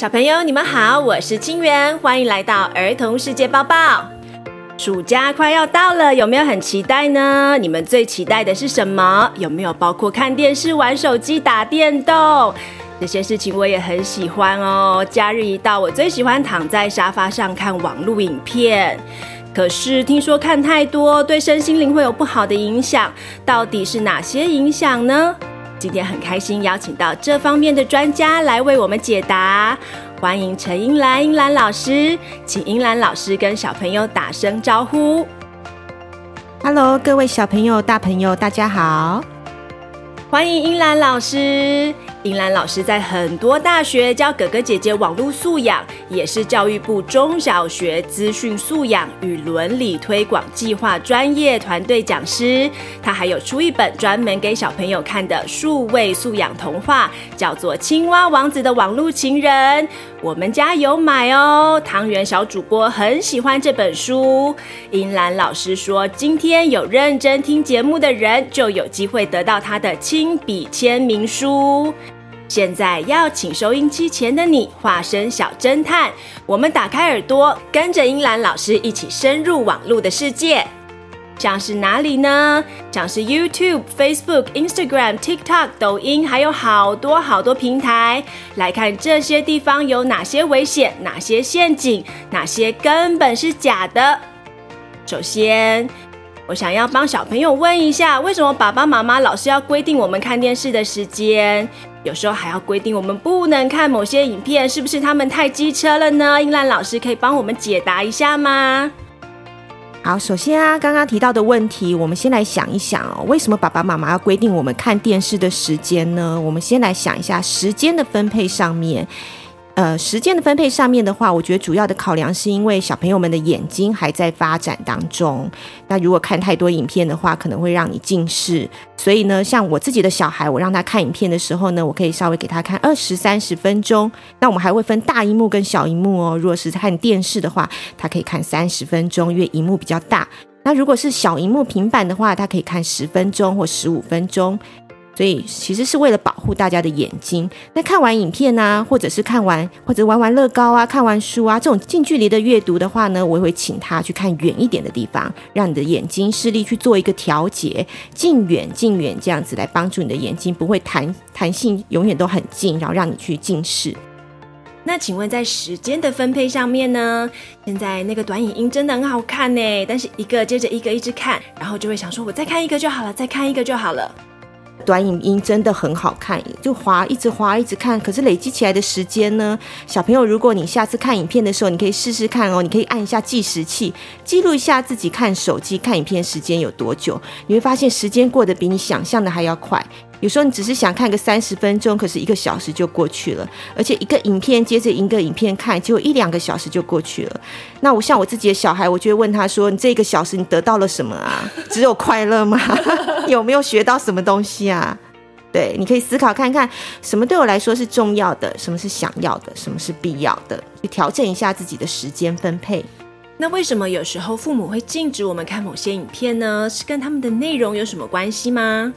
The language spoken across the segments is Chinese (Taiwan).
小朋友，你們好，我是清源，歡迎來到兒童世界報報。暑假快要到了，有沒有很期待呢？你們最期待的是什麼？有沒有包括看電視、玩手機、打電動這些事情？我也很喜歡哦、喔。假日一到，我最喜歡躺在沙發上看網絡影片。可是聽說看太多對身心靈會有不好的影響，到底是哪些影響呢？今天很開心，邀請到這方面的專家來為我們解答。歡迎陳茵嵐茵嵐老師，請茵嵐老師跟小朋友打聲招呼哈。Hello，各位小朋友、大朋友，大家好，歡迎茵嵐老師。茵嵐老師在很多大學教哥哥姐姐網路素養，也是教育部中小學資訊素養與倫理推廣計劃專業團隊講師。她還有出一本專門給小朋友看的數位素養童話，叫做《青蛙王子的網路情人》。我們家有買哦，湯圓小主播很喜歡這本書。茵嵐老師說，今天有認真聽節目的人，就有機會得到他的親筆簽名書。現在要請收音機前的你化身小偵探，我們打開耳朵，跟着茵嵐老師一起深入網絡的世界。像是哪裡呢？像是 YouTube、Facebook、Instagram、TikTok、抖音，還有好多好多平台。來看這些地方有哪些危險、哪些陷阱、哪些根本是假的。首先，我想要幫小朋友問一下，為什麼爸爸媽媽老是要規定我們看電視的時間？有時候還要規定我們不能看某些影片，是不是他們太機車了呢？茵嵐老師可以幫我們解答一下嗎？好，首先啊，剛剛提到的問題，我們先來想一想哦，為什麼爸爸媽媽要規定我們看電視的時間呢？我們先來想一下時間的分配上面。呃，時間的分配上面的話，我覺得主要的考量是因為小朋友們的眼睛還在發展當中。那如果看太多影片的話，可能會讓你近視。所以呢，像我自己的小孩，我讓他看影片的時候呢，我可以稍微給他看二十、三十分鐘。那我們還會分大熒幕跟小熒幕哦。如果是看電視的話，他可以看三十分鐘，因為熒幕比較大。那如果是小熒幕平板的話，他可以看十分鐘或十五分鐘。所以其實是為了保護大家的眼睛。那看完影片呢、啊，或者是看完或者玩玩樂高啊，看完書啊，這種近距離的閱讀的話呢，我也會請他去看遠一點的地方，讓你的眼睛視力去做一個調節，近遠近遠這樣子來幫助你的眼睛不會彈彈性永遠都很近，然後讓你去近視。那請問在時間的分配上面呢？現在那個短影音真的很好看呢，但是一個接着一個一直看，然後就會想說，我再看一個就好了，再看一個就好了。短影音真的很好看，就滑一直滑一直看，可是累積起來的時間呢？小朋友，如果你下次看影片的時候，你可以試試看哦，你可以按一下計時器，記錄一下自己看手機看影片時間有多久，你會發現時間過得比你想象的還要快。有時候你只是想看個三十分鐘，可是一個小時就過去了，而且一個影片接着一個影片看，結果一兩個小時就過去了。那我像我自己的小孩，我就會問他說：“你這一個小時你得到了什麼啊？只有快樂嗎？ 有沒有學到什麼東西啊？”對，你可以思考看看，什麼對我來說是重要的，什麼是想要的，什麼是必要的，去調整一下自己的時間分配。那為什麼有時候父母會禁止我們看某些影片呢？是跟他們的內容有什麼關係嗎？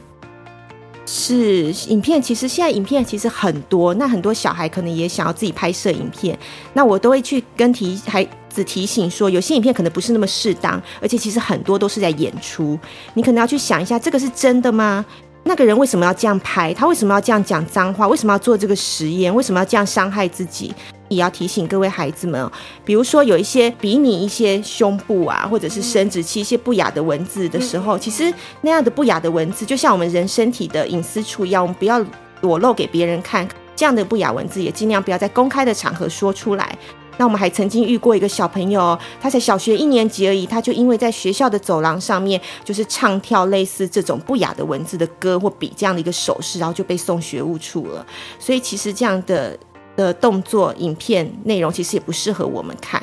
是影片，其實現在影片其實很多，那很多小孩可能也想要自己拍攝影片，那我都會去跟提孩子提醒說，有些影片可能不是那麼適當，而且其實很多都是在演出，你可能要去想一下，這個是真的嗎？那個人為什麼要這樣拍？他為什麼要這樣講髒話？為什麼要做這個實驗？為什麼要這樣傷害自己？也要提醒各位孩子們，比如說有一些比擬一些胸部啊，或者是生殖器一些不雅的文字的時候，其實那樣的不雅的文字，就像我們人身體的隱私處一樣，我們不要裸露給別人看。這樣的不雅文字也盡量不要在公開的場合說出來。那我們還曾經遇過一個小朋友，他才小學一年級而已，他就因為在學校的走廊上面，就是唱跳類似這種不雅的文字的歌或比這樣的一個手勢，然後就被送學務處了。所以其實這樣的。的動作影片內容其實也不適合我們看，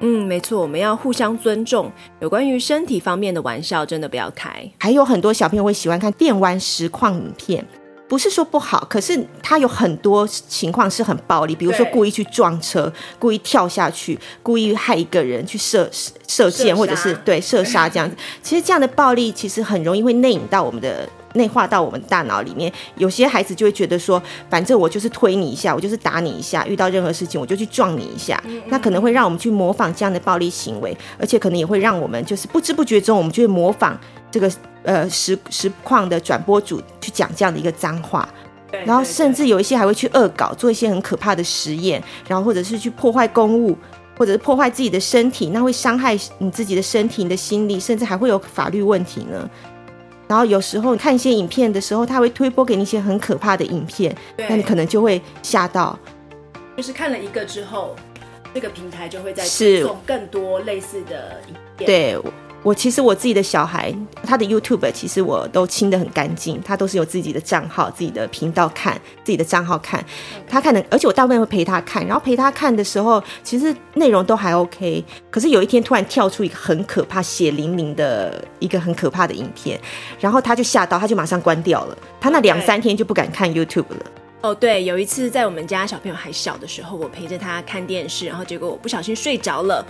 嗯，沒錯，我們要互相尊重。有關於身體方面的玩笑真的不要開。還有很多小朋友會喜歡看電玩實況影片，不是說不好，可是他有很多情況是很暴力，比如說故意去撞車、故意跳下去、故意害一個人去射射箭射殺或者是對射殺這樣子。 其實這樣的暴力其實很容易會內引到我們的。內化到我們大腦裡面，有些孩子就會覺得說，反正我就是推你一下，我就是打你一下，遇到任何事情我就去撞你一下，嗯嗯，那可能會讓我們去模仿這樣的暴力行為，而且可能也會讓我們就是不知不覺中，我們就會模仿這個呃實實況的轉播主去講這樣的一個髒話，對對對，然後甚至有一些還會去惡搞，做一些很可怕的實驗，然後或者是去破壞公物，或者是破壞自己的身體，那會傷害你自己的身體、你的心理，甚至還會有法律問題呢。然後有時候你看一些影片的時候，他會推播給你一些很可怕的影片，那對你可能就會嚇到。就是看了一個之後，這個平台就會再送更多類似的影片。對。我其實我自己的小孩，他的 YouTube 其實我都清得很乾淨，他都是有自己的賬號、自己的頻道看，自己的賬號看，他看的，而且我大部分會陪他看，然後陪他看的時候，其實內容都還 OK，可是有一天突然跳出一個很可怕、血淋淋的一個很可怕的影片，然後他就嚇到，他就馬上關掉了，他那兩三天就不敢看 YouTube 了。哦，oh, 對，有一次在我們家小朋友還小的時候，我陪着他看電視，然後結果我不小心睡着了。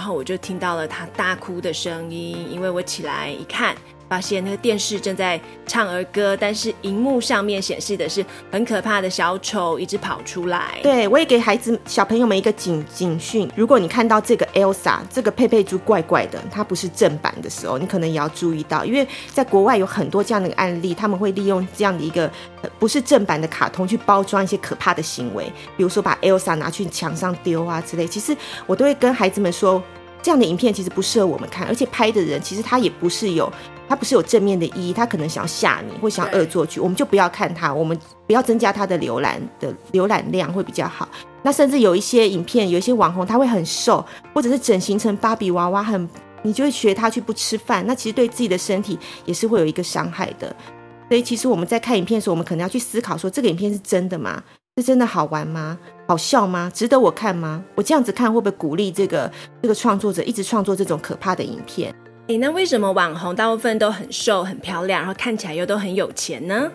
然後我就聽到了他大哭的聲音，因為我起來一看。發現那個電視正在唱兒歌，但是熒幕上面顯示的是很可怕的小丑一直跑出來。對，我也給孩子小朋友們一個警、警訊。如果你看到這個 Elsa 這個佩佩豬怪怪的，它不是正版的時候，你可能也要注意到，因為在國外有很多這樣的案例，他們會利用這樣的一個不是正版的卡通去包裝一些可怕的行為，比如說把 Elsa 拿去牆上丟啊之類。其實我都會跟孩子們說。這樣的影片其實不適合我們看，而且拍的人其實他也不是有，他不是有正面的意義，他可能想要嚇你或想惡作劇，我們就不要看他，我們不要增加他的瀏覽的瀏覽量會比較好。那甚至有一些影片，有一些網紅他會很瘦，或者是整形成芭比娃娃很，很你就會學他去不吃飯，那其實對自己的身體也是會有一個傷害的。所以其實我們在看影片的時候，我們可能要去思考說，這個影片是真的嗎？這真的好玩嗎？好笑嗎？值得我看嗎？我這樣子看會不會鼓勵這個這個創作者一直創作這種可怕的影片？欸，那為什麼網紅大部分都很瘦、很漂亮，然後看起來又都很有錢呢？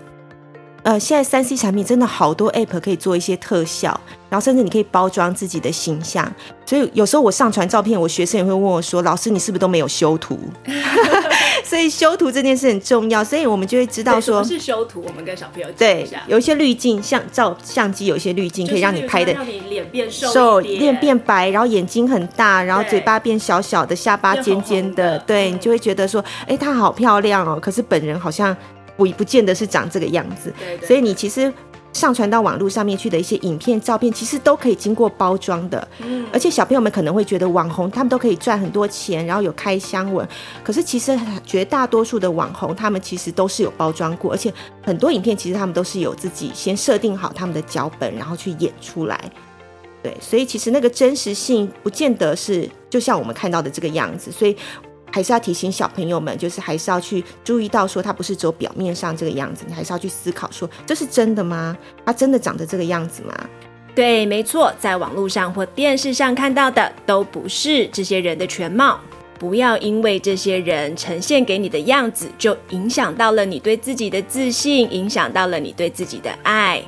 呃，現在三 C 產品真的好多 App 可以做一些特效，然後甚至你可以包裝自己的形象，所以有時候我上傳照片，我學生也會問我說：“老師，你是不是都沒有修圖？” 所以修圖這件事很重要，所以我們就會知道說，什麼是修圖。我們跟小朋友一對，有一些濾鏡，像照相機有一些濾鏡，可以讓你拍的，讓你臉變瘦，臉、so, 變白，然後眼睛很大，然後嘴巴變小小的，對下巴尖尖的，的對，你就會覺得說：“哎、欸，她好漂亮哦、喔。”可是本人好像，我也不見得是長這個樣子，對對對，所以你其實上傳到網絡上面去的一些影片、照片，其實都可以經過包裝的。嗯，而且小朋友們可能會覺得網紅他們都可以賺很多錢，然後有開箱文，可是其實絕大多數的網紅他們其實都是有包裝過，而且很多影片其實他們都是有自己先設定好他們的腳本，然後去演出來。對，所以其實那個真實性不見得是就像我們看到的這個樣子，所以。還是要提醒小朋友們，就是還是要去注意到，說他不是只有表面上這個樣子，你還是要去思考，說這是真的嗎？他、啊、真的長得這個樣子嗎？對，沒錯，在網路上或電視上看到的都不是這些人的全貌。不要因為這些人呈現給你的樣子，就影響到了你對自己的自信，影響到了你對自己的愛。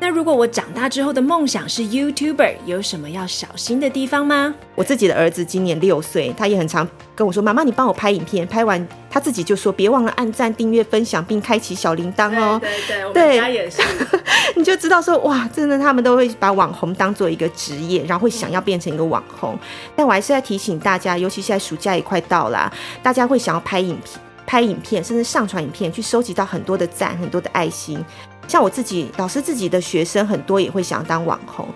那如果我長大之後的夢想是 YouTuber，有什麼要小心的地方嗎？我自己的兒子今年六歲，他也很常跟我說：“媽媽，你幫我拍影片，拍完他自己就說，別忘了按讚、訂閱、分享，並開啟小鈴鐺哦。”對，對對，對，我們家也是。 你就知道說，哇，真的，他們都會把網紅當做一個職業，然後會想要變成一個網紅。嗯、但我還是要提醒大家，尤其現在暑假也快到了，大家會想要拍影片、拍影片，甚至上傳影片去收集到很多的讚、很多的愛心。像我自己，老師自己的學生很多也會想當網紅，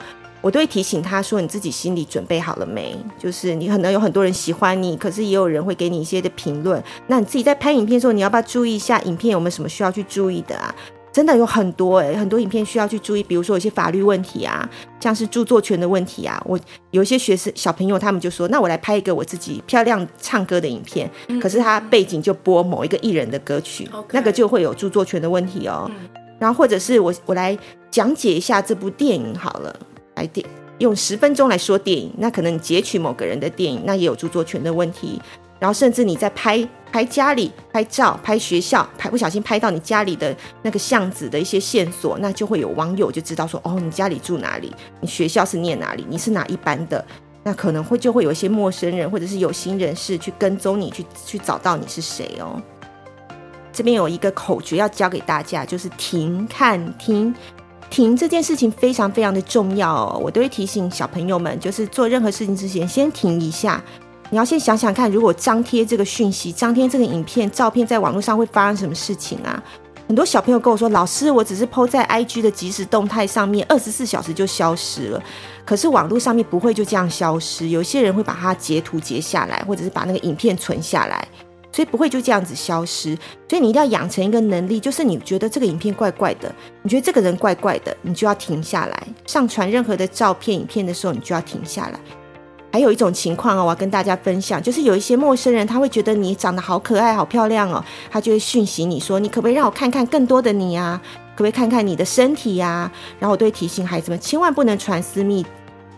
我都會提醒他說：“你自己心裡準備好了沒？就是你可能有很多人喜歡你，可是也有人會給你一些的評論。那你自己在拍影片的時候，你要不要注意一下影片有沒有什麼需要去注意的啊？真的有很多誒、欸，很多影片需要去注意，比如說有些法律問題啊，像是著作權的問題啊。我有一些學生小朋友，他們就說：‘那我來拍一個我自己漂亮唱歌的影片，嗯嗯，可是他背景就播某一個藝人的歌曲，Okay. 那個就會有著作權的問題哦。嗯’然後或者是我我來講解一下這部電影好了，來電用十分鐘來說電影，那可能你截取某個人的電影，那也有著作權的問題。然後甚至你在拍拍家裡拍照、拍學校，拍不小心拍到你家裡的那個巷子的一些線索，那就會有網友就知道說，哦，你家裡住哪裡，你學校是念哪裡，你是哪一班的，那可能會就會有一些陌生人或者是有心人士去跟蹤你，去去找到你是誰哦。這邊有一個口訣要教給大家，就是停、看、聽、停，這件事情非常非常的重要哦。我都會提醒小朋友們，就是做任何事情之前，先停一下。你要先想想看，如果張貼這個訊息、張貼這個影片、照片在網絡上會發生什麼事情啊？很多小朋友跟我說，老師，我只是 PO 在 IG 的即時動態上面，二十四小時就消失了。可是網絡上面不會就這樣消失，有些人會把它截圖截下來，或者是把那個影片存下來。所以不會就這樣子消失，所以你一定要養成一個能力，就是你覺得這個影片怪怪的，你覺得這個人怪怪的，你就要停下來。上傳任何的照片、影片的時候，你就要停下來。還有一種情況啊，我要跟大家分享，就是有一些陌生人，他會覺得你長得好可愛、好漂亮哦，他就會訊息你說，你可不可以讓我看看更多的你呀？可不可以看看你的身體呀？然後我都會提醒孩子們，千萬不能傳私密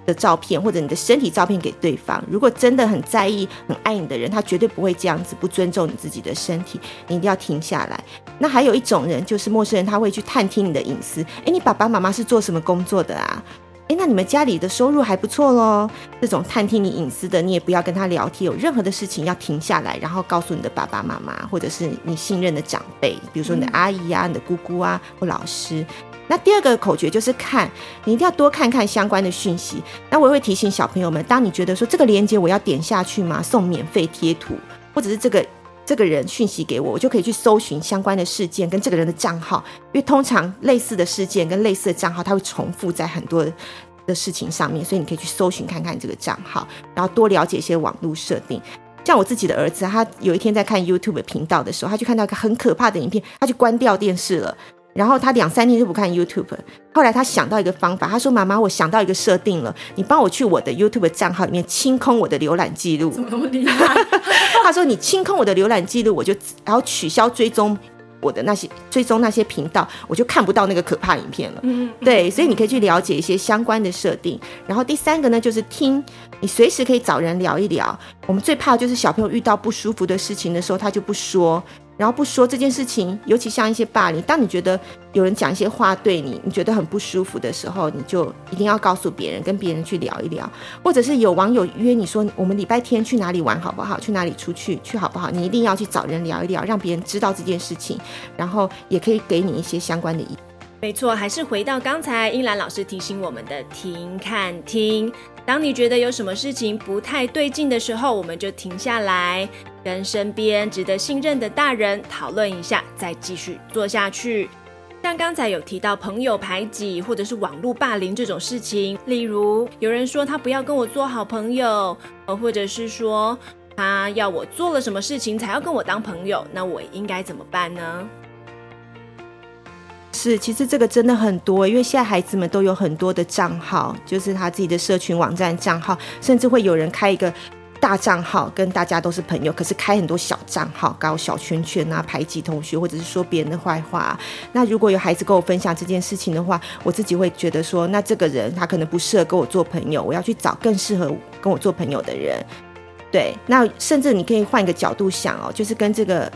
的照片或者你的身體照片給對方，如果真的很在意、很愛你的人，他絕對不會這樣子不尊重你自己的身體，你一定要停下來。那還有一種人就是陌生人，他會去探聽你的隱私。哎，你爸爸媽媽是做什麼工作的啊？誒，那你們家裡的收入還不錯嘍。這種探聽你隱私的，你也不要跟他聊天。有任何的事情，要停下來，然後告訴你的爸爸媽媽，或者是你信任的長輩，比如說你的阿姨啊、你的姑姑啊或老師。嗯、那第二個口訣就是看，你一定要多看看相關的訊息。那我也會提醒小朋友們，當你覺得說這個鏈接我要點下去嗎？送免費貼圖，或者是這個。這個人訊息給我，我就可以去搜尋相關的事件跟這個人的賬號，因為通常類似的事件跟類似的賬號，它會重複在很多的事情上面，所以你可以去搜尋看看這個賬號，然後多了解一些網絡設定。像我自己的兒子，他有一天在看 YouTube 頻道的時候，他就看到一個很可怕的影片，他就關掉電視了。然後他兩三天就不看 YouTube。後來他想到一個方法，他說：“媽媽，我想到一個設定了，你幫我去我的 YouTube 賬號裡面清空我的瀏覽記錄。”怎麼那麼厲害？他說：“你清空我的瀏覽記錄，我就然後取消追蹤我的那些追蹤那些頻道，我就看不到那個可怕影片了。”對，所以你可以去了解一些相關的設定。然後第三個呢，就是聽，你隨時可以找人聊一聊。我們最怕就是小朋友遇到不舒服的事情的時候，他就不說。然後不說這件事情，尤其像一些霸凌，當你覺得有人講一些話對你，你覺得很不舒服的時候，你就一定要告訴別人，跟別人去聊一聊，或者是有網友約你說我們禮拜天去哪裡玩好不好？去哪裡出去去好不好？你一定要去找人聊一聊，讓別人知道這件事情，然後也可以給你一些相關的意。沒錯，還是回到剛才茵嵐老師提醒我們的“停看聽”。當你覺得有什麼事情不太對勁的時候，我們就停下來，跟身邊值得信任的大人討論一下，再繼續做下去。像剛才有提到朋友排擠或者是網絡霸凌這種事情，例如有人說他不要跟我做好朋友，或者是說他要我做了什麼事情才要跟我當朋友，那我應該怎麼辦呢？是，其實這個真的很多，因為現在孩子們都有很多的賬號，就是他自己的社群網站賬號，甚至會有人開一個大賬號跟大家都是朋友，可是開很多小賬號搞小圈圈啊，排擠同學，或者是說別人的壞話啊。那如果有孩子跟我分享這件事情的話，我自己會覺得說，那這個人他可能不適合跟我做朋友，我要去找更適合跟我做朋友的人。對，那甚至你可以換一個角度想哦，就是跟這個，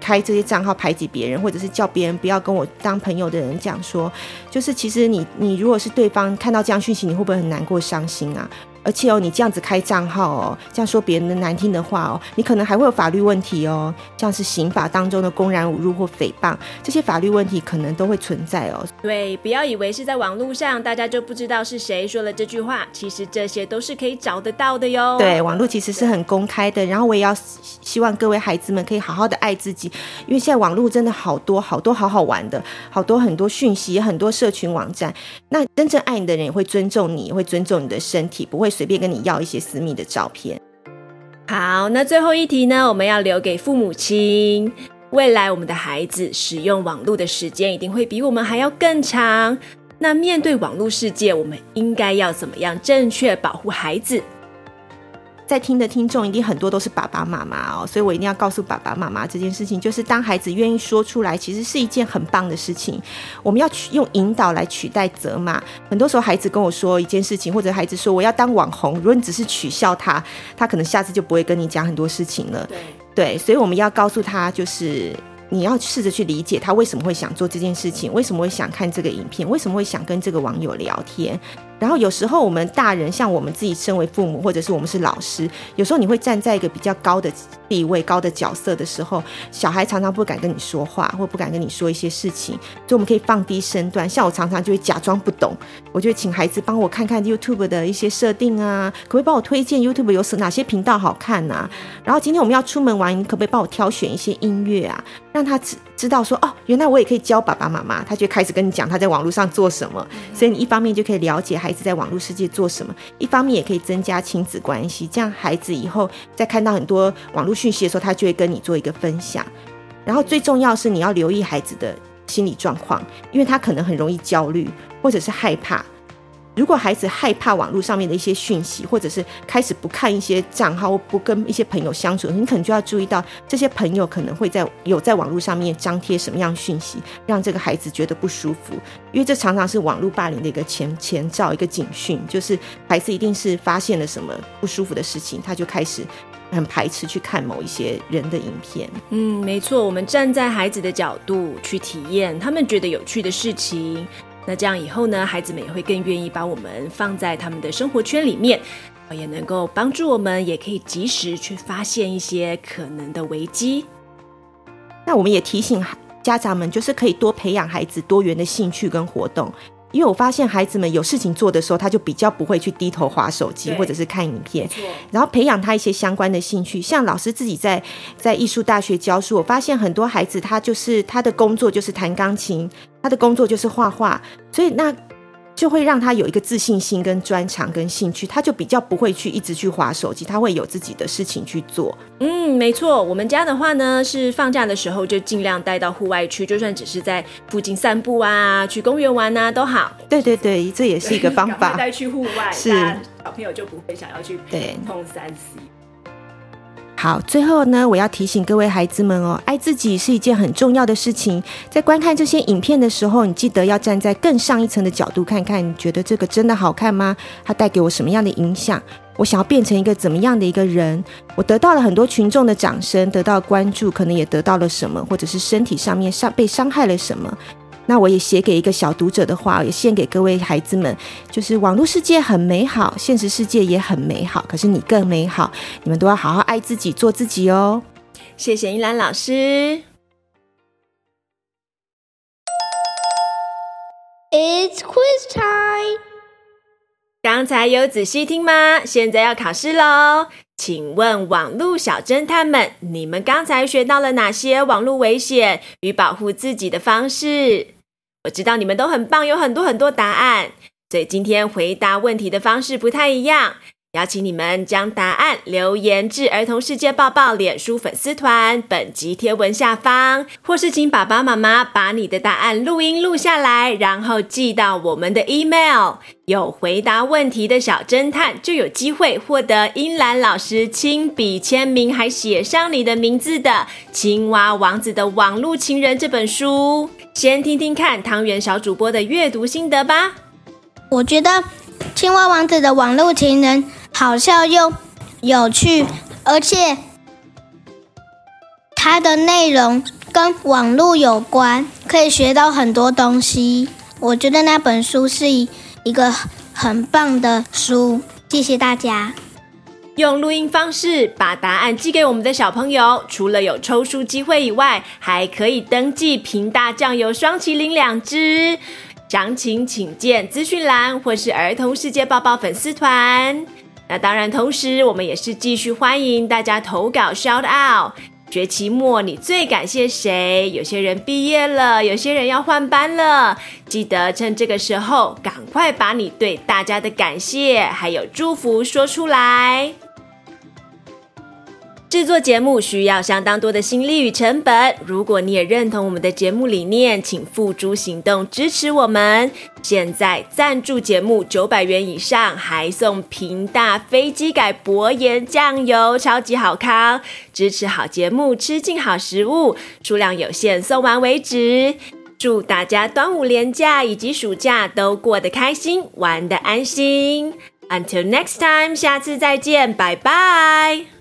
開這些賬號排擠別人，或者是叫別人不要跟我當朋友的人，講說，就是其實你你如果是對方看到這樣訊息，你會不會很難過、傷心啊？而且哦，你這樣子開賬號哦，這樣說別人的難聽的話哦，你可能還會有法律問題哦，像是刑法當中的公然侮辱或誹謗，這些法律問題可能都會存在哦。對，不要以為是在網絡上，大家就不知道是誰說了這句話，其實這些都是可以找得到的喲。對，網絡其實是很公開的。然後我也要希望各位孩子們可以好好的愛自己，因為現在網絡真的好多好多好好玩的，好多很多訊息，很多社群網站。那真正愛你的人也會尊重你，也會尊重你的身體，不會。隨便跟你要一些私密的照片。好，那最後一題呢？我們要留給父母親。未來我們的孩子使用網絡的時間一定會比我們還要更長。那面對網絡世界，我們應該要怎麼樣正確保護孩子？在聽的聽眾一定很多都是爸爸媽媽哦，所以我一定要告訴爸爸媽媽這件事情，就是當孩子願意說出來，其實是一件很棒的事情。我們要用引導來取代責罵。很多時候，孩子跟我說一件事情，或者孩子說我要當網紅，如果你只是取笑他，他可能下次就不會跟你講很多事情了。對，對，所以我們要告訴他，就是你要試着去理解他為什麼會想做這件事情，為什麼會想看這個影片，為什麼會想跟這個網友聊天。然後有時候我們大人，像我們自己身為父母，或者是我們是老師，有時候你會站在一個比較高的地位，高的角色的時候，小孩常常不敢跟你說話，或不敢跟你說一些事情，所以我們可以放低身段。像我常常就會假裝不懂，我就會請孩子幫我看看 YouTube 的一些設定啊，可不可以幫我推薦 YouTube 有哪些頻道好看啊？然後今天我們要出門玩，你可不可以幫我挑選一些音樂啊？讓他知知道說哦，原來我也可以教爸爸媽媽，他就開始跟你講他在網絡上做什麼。所以你一方面就可以了解孩子在網絡世界做什麼，一方面也可以增加親子關係。這樣孩子以後在看到很多網絡訊息的時候，他就會跟你做一個分享。然後最重要是你要留意孩子的心理狀況，因為他可能很容易焦慮或者是害怕。如果孩子害怕網絡上面的一些訊息，或者是開始不看一些賬號，或不跟一些朋友相處，你可能就要注意到這些朋友可能會在有在網絡上面張貼什麼樣的訊息，讓這個孩子覺得不舒服。因為這常常是網絡霸凌的一個前前兆，一個警訊，就是孩子一定是發現了什麼不舒服的事情，他就開始很排斥去看某一些人的影片。嗯，沒錯，我們站在孩子的角度去體驗他們覺得有趣的事情。那這樣以後呢，孩子們也會更願意把我們放在他們的生活圈裡面，也能夠幫助我們，也可以及時去發現一些可能的危機。那我們也提醒家長們，就是可以多培養孩子多元的興趣跟活動。因為我發現孩子們有事情做的時候，他就比較不會去低頭滑手機或者是看影片，然後培養他一些相關的興趣。像老師自己在在藝術大學教書，我發現很多孩子他就是他的工作就是彈鋼琴，他的工作就是畫畫，所以那。就會讓他有一個自信心，跟專長，跟興趣，他就比較不會去一直去滑手機，他會有自己的事情去做。嗯，沒錯，我們家的話呢，是放假的時候就儘量帶到戶外去，就算只是在附近散步啊，去公園玩啊都好。對對對，這也是一個方法，帶去戶外，是小朋友就不會想要去碰三 C。好，最後呢，我要提醒各位孩子們哦，愛自己是一件很重要的事情。在觀看這些影片的時候，你記得要站在更上一層的角度看看，你覺得這個真的好看嗎？它帶給我什麼樣的影響？我想要變成一個怎麼樣的一個人？我得到了很多群眾的掌聲，得到關注，可能也得到了什麼，或者是身體上面傷被傷害了什麼？那我也寫給一個小讀者的話，也獻給各位孩子們，就是網絡世界很美好，現實世界也很美好，可是你更美好。你們都要好好愛自己，做自己哦。謝謝茵嵐老師。It's quiz time。剛才有仔細聽嗎？現在要考試嘍。請問網絡小偵探們，你們剛才學到了哪些網絡危險與保護自己的方式？我知道你們都很棒，有很多很多答案，所以今天回答問題的方式不太一樣。邀請你們將答案留言至《兒童世界報報》臉書粉絲團本集貼文下方，或是請爸爸媽媽把你的答案錄音錄下來，然後寄到我們的 email。有回答問題的小偵探就有機會獲得茵嵐老師親筆簽名，還寫上你的名字的《青蛙王子的網路情人》這本書。先聽聽看湯圓小主播的閱讀心得吧。我覺得《青蛙王子的網路情人》好笑又有趣，而且它的內容跟網路有關，可以學到很多東西。我覺得那本書是一一個很棒的書。謝謝大家！用錄音方式把答案寄給我們的小朋友，除了有抽書機會以外，還可以登記屏大醬油霜淇淋兩支。詳情請見資訊欄或是兒童世界報報粉絲團。那當然，同時我們也是繼續歡迎大家投稿 shout out。學期末你最感謝誰？有些人畢業了，有些人要換班了，記得趁這個時候趕快把你對大家的感謝還有祝福說出來。製作節目需要相當多的心力與成本。如果你也認同我們的節目理念，請付諸行動支持我們。現在贊助節目九百元以上，還送屏大非基改薄鹽醬油，超級好康。支持好節目，吃進好食物，數量有限，送完為止。祝大家端午連假以及暑假都過得開心，玩得安心。Until next time，下次再見，拜拜。